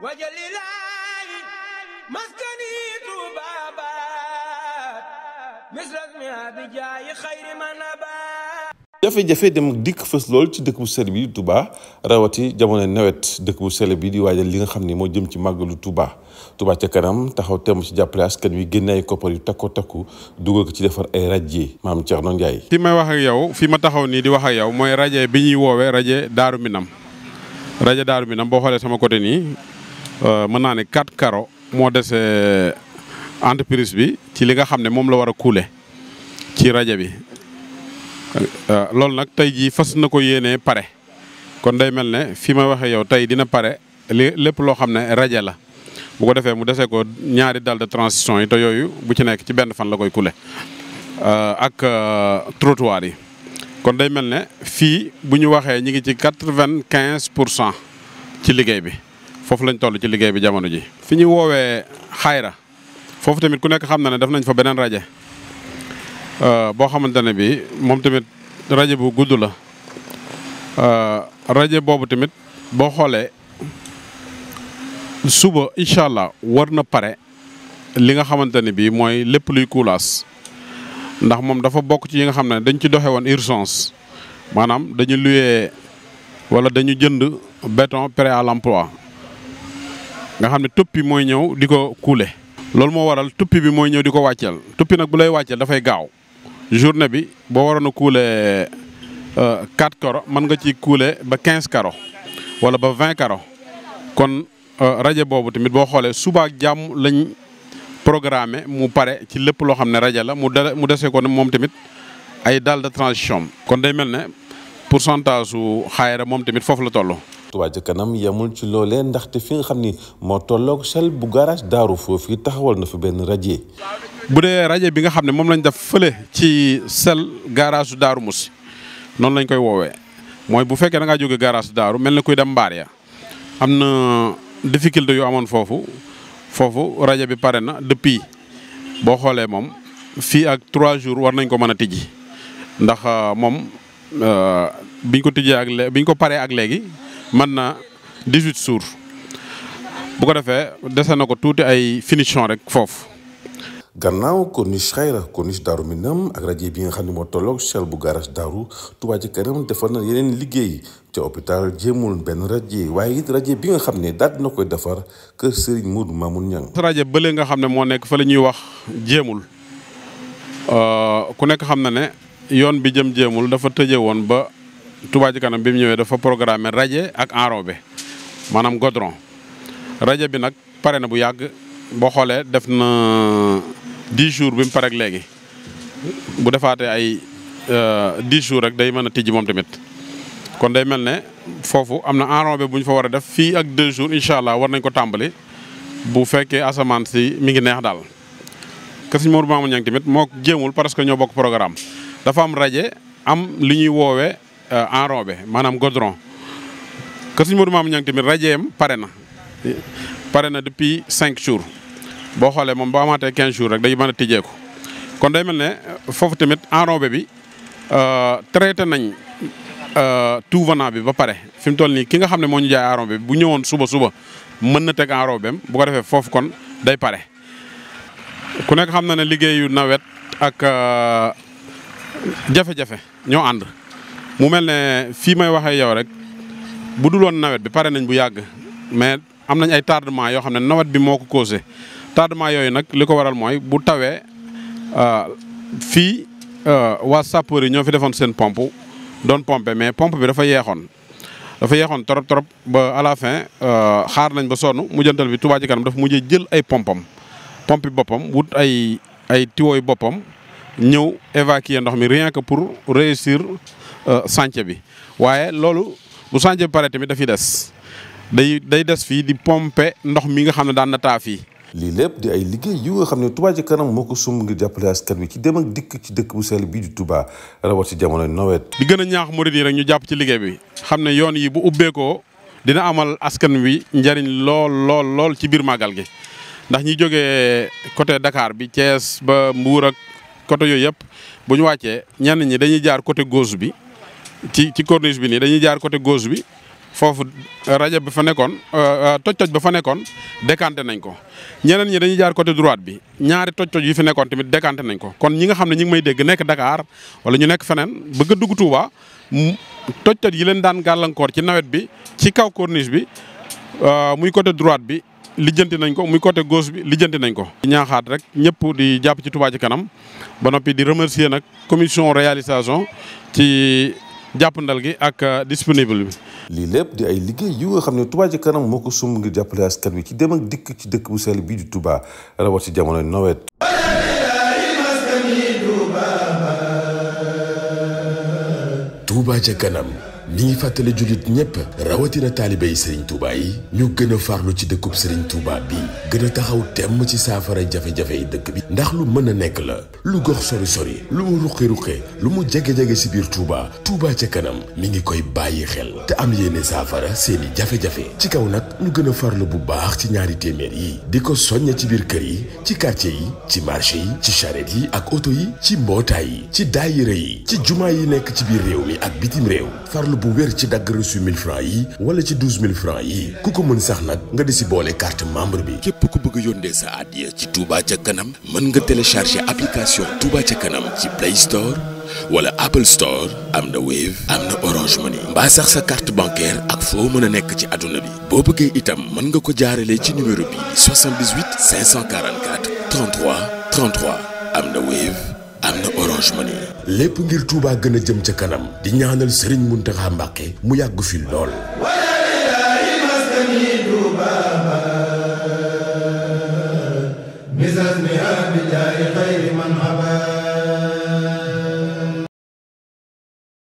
wajalilaahi jafe-jafe dem dikk fës lool ci dëkk bu sell bi Touba rawati jamono nawet dëkk bu sell bi di waajal li nga xam ne moo jëm ci màgg lu tubaa Touba ca kanam taxaw temm ci jàppale askan wi génne ay koppar yu takko takku dugal ko ci defar ay raj yi maam Thierno Ndiaye. fi may wax ak yow fi ma taxaw nii di wax ak yow mooy rajo bi ñuy woowee rajo Daaru Minam rajo Daaru Minam boo xoolee sama côté nii. Euh, mën naa ne quatre carreaux moo dese euh, entreprise bi ci li nga xam ne moom la war a couler ci rajo bi. Euh, loolu nag tey jii fas na ko yéene pare kon day mel ne fii ma waxee yow tey dina pare li lépp loo xam ne rajo la. bu ko defee mu desee ko ñaari dalle de transition yi te yooyu bu ci nekk ci benn fan la koy couler ak trottoir yi kon day mel ne fii bu ñu waxee ñi ngi ci quatre-vingt-quinze pour cent ci liggéey bi. foofu lañ toll ci liggéey bi jamono ji fi ñu woowee xaayra foofu tamit ku nekk xam na ne def nañ fa beneen raje euh, boo xamante ne bi moom tamit raje bu gudd la euh, raje boobu tamit boo xoolee suba incha allah war na pare li nga xamante ne bii mooy lépp luy kuulaas ndax moom dafa bokk ci yi nga xam ne dañ ci doxe woon urgence maanaam dañu luyee wala dañu jënd beton prêt à l'emploi nga xam ne tuppi mooy ñëw di ko kuule loolu moo waral tuppi bi mooy ñëw di ko wàcceel tuppi nag bu lay wàcceel dafay gaaw journée bi boo waroon a kuule 4 euh, karo mën nga ci kuule ba 15 karo wala ba 20 karo kon euh, rajo boobu tamit boo xoolee subaak jàmm lañ programmé mu pare ci lépp loo xam ne rajo la mu dese mu dese ko moom tamit ay dalle de transition kon day mel ne pourcentage su xaayara moom tamit foofu la toll. Touba ca kanam yemul ci loolee ndaxte fi nga xam ni moo tolloog sel bu garage Daaru foofu taxawal na fa benn rajo. bu dee rajo bi nga xam ne moom lañ def fële ci Shell garage Daaru mos noonu lañ koy woowee mooy bu fekkee da ngaa jógee garage Daaru mel na kuy dem mbaar am na difficulté yu amoon foofu foofu rajo bi pare na depuis boo xoolee moom fii ak trois jours war nañ ko mën a tijji ndax euh, moom euh, biñ ko tijjee ak biñ ko paree ak léegi mën na 18 jours bu ko defee desee na ko tuuti ay finition rek foofu. gannaaw konis xayra corniche daaru minam ak rajo bi nga xam ne moo tolloog sel bu garage daaru tubaa Ca Kanam defar na yeneen liggéey ca hôpital jéemul benn rajo waaye it rajo bi nga xam ne daal na koy defar kër Serigne Modou Mamoun Niang rajo bële nga xam ne moo nekk fa la ñuy wax jéemul euh, ku nekk xam na ne yoon bi jëm jéemul dafa tëje woon ba Touba Ca Kanam bi mu ñëwee dafa programme radier ak enrobé maanaam godron radier bi nag pare na bu yàgg boo xoolee def na 10 jour bi mu pare ak léegi bu defaatee ay 10 euh, jour rek day mën a tijji moom tamit. kon day mel ne foofu am na enrobé bu ñu fa war a def fii ak 2 jours incha allah war nañ ko tàmbali bu fekkee asamaan si mi ngi neex daal. que suñu Mor Mamadou Niang tamit moo jéemul parce que ñoo bokk programme dafa am rajo am li ñuy woowee Euh, enrobé maanaam godron kër Sëñ Modou Mamoune Niang tamit rajeem pare na pare na depuis cinq jours boo xoolee moom boo amaatee quinze jours rek day mën a tijjeeku kon day mel ne foofu tamit enrobe bi euh, traité nañ euh, tout venant bi ba pare fi mu toll nii ki nga xam ne moo ñu jaay enrobé bu ñëwoon suba suba mën na teg enrobem bu ko defee foofu kon day pare ku nekk xam na ne liggéeyu nawet ak jafe-jafe ñoo ànd mu mel ne fii may waxee yow rek bu dul woon nawet bi pare nañ bu yàgg mais am nañ ay tardement yoo xam ne nawet bi moo ko causé tardement yooyu nag li ko waral mooy bu tawee euh, fii euh, waa sapeur yi ñoo fi defoon seen pompe doon pompe mais pompe bi dafa yeexoon. dafa yeexoon trop trop ba à la fin euh, xaar nañ ba sonn mujjantal bi Touba ci kanam dafa mujjee jël ay pompam pompe boppam wut ay ay tiwooy boppam ñëw évacuer ndox mi rien que pour réussir. Euh, chantier bi waaye loolu bu chantier bi pare tamit dafi des day day des fii di pompe ndox mi nga xam ne daan na taa fii. lii lépp di ay liggéey yu nga xam ne Touba ci kanam moo ko sumb ngir jàppale askan wi ci dem ak dikk ci dëkk bu sell bii di tubaa rawat ci jamono nawet. di gën a ñaax murid yi rek ñu jàpp ci liggéey bi xam ne yoon yi bu ubbeekoo dina amal askan wi njariñ lool lool lool ci biir màggal gi ndax ñi jógee côté dakaar bi Thiès ba Mbour ak côté yooyu yëpp bu ñu wàccee ñenn ñi dañuy jaar côté gauche bi. ci ci corniche bi nii dañuy jaar côté gauche bi foofu euh, rajo bi fa nekkoon euh, euh, toj-toj ba fa nekkoon décanté nañ ko ñeneen ñi dañu jaar côté droite bi ñaari toj-toj yi fa nekkoon tamit décanté nañ ko kon ñi nga xam ne ñi ngi may dégg nekk Dakar wala ñu nekk feneen bëgg a dugg Touba toj-toj yi leen daan gàllankoor ci nawet bi ci kaw corniche bi muy côté droite bi lijjanti nañ ko muy côté gauche bi lijjanti nañ ko. di rek ñëpp di jàpp ci Touba kanam ba noppi di remercier nag commission réalisation ci. jàppandal gi ak euh, disponible bi. lii lépp di ay liggéey yu nga xam ne Touba ci kanam moo ko sumb ngir jàppale askan wi ci dem ak dikk ci dëkk bu seel bii di Touba rawat ci jamono nawet. Touba ca kanam. mi ngi fàttali jullit ñépp rawatina taalibe yi sëriñ Touba yi ñu gën a farlu ci dëkku Serigne Touba bi gën a taxaw temm ci saafara jafe-jafe yi dëkk bi ndax lu mën a nekk la lu gox sori sori lu mu ruqi-ruqe lu mu jege-jege si biir Touba tuubaa ca kanam mi ngi koy bàyyi xel te am yéene saafara seeni jafe-jafe ci kaw nag ñu gën a farlu bu baax ci ñaari téeméer yi di ko soñña ci biir kër yi ci quartier yi ci marché yi ci charrette yi ak oto yi ci mbootaay yi ci daayira yi ci jumaa yi nekk ci biir réew mi ak bitim réew bu wér ci dagg reçu 1000 francs yi wala ci 12000 francs yi ku ko mën sax nag nga di si boole carte membre bi. képp ku bëgg yónnee sa àddiya ci Touba ca kanam mën nga télécharger application Touba ca kanam ci Play Store wala Apple Store am na Wave am na Orange Money sax sa carte bancaire ak foo mën a nekk ci àdduna bi boo bëggee itam mën nga ko jaaralee ci numéro bi 78 544 33 33 am na Wave. am na orange money lépp ngir tuubaa gën a jëm ca kanam di ñaanal sëriñ Serigne Mountakha Mbacké mu yàgg fi lool.